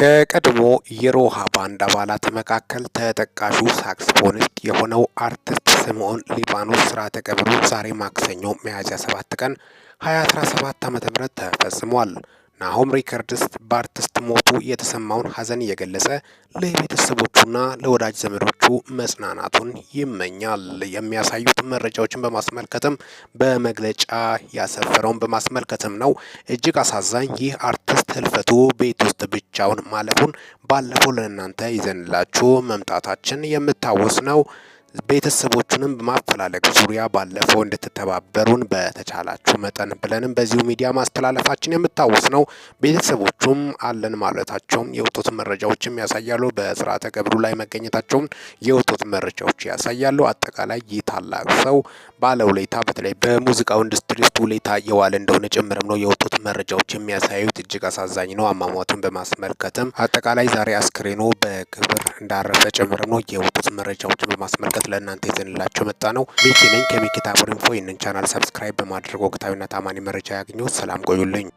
ከቀድሞ የሮሃ ባንድ አባላት መካከል ተጠቃሹ ሳክስፎኒስት የሆነው አርቲስት ስምዖን ሊባኖስ ስርዓተ ቀብሩ ዛሬ ማክሰኞ ሚያዝያ 7 ቀን 2017 ዓ.ም ተፈጽሟል። ናሆም ሪከርድስ በአርቲስት ሞቱ የተሰማውን ሀዘን እየገለጸ ለቤተሰቦቹና ለወዳጅ ዘመዶቹ መጽናናቱን ይመኛል። የሚያሳዩት መረጃዎችን በማስመልከትም በመግለጫ ያሰፈረውን በማስመልከትም ነው። እጅግ አሳዛኝ ይህ አርቲስት ህልፈቱ ቤት ውስጥ ብቻውን ማለፉን ባለፈው ለእናንተ ይዘንላችሁ መምጣታችን የምታወስ ነው። ቤተሰቦቹንም በማፈላለግ ዙሪያ ባለፈው እንድትተባበሩን በተቻላችሁ መጠን ብለንም በዚሁ ሚዲያ ማስተላለፋችን የምታወስ ነው። ቤተሰቦቹም አለን ማለታቸውም የወጡት መረጃዎችም ያሳያሉ። በስርዓተ ቀብሩ ላይ መገኘታቸውም የወጡት መረጃዎች ያሳያሉ። አጠቃላይ ይህ ታላቅ ሰው ባለውለታ በተለይ በሙዚቃው ኢንዱስትሪ ውስጥ ውለታ የዋለ እንደሆነ ጭምርም ነው የወጡት መረጃዎች የሚያሳዩት። እጅግ አሳዛኝ ነው። አሟሟቱን በማስመልከትም አጠቃላይ ዛሬ አስክሬኑ በክብር እንዳረፈ ጭምርም ነው የወጡት መረጃዎችን በማስመልከት በመስጠት ለእናንተ ይዘንላቸው መጣ ነው። ሚኪ ነኝ ከሚኪታ ቡድን ይህንን ቻናል ሰብስክራይብ በማድረግ ወቅታዊና ታማኒ መረጃ ያግኙ። ሰላም ቆዩልኝ።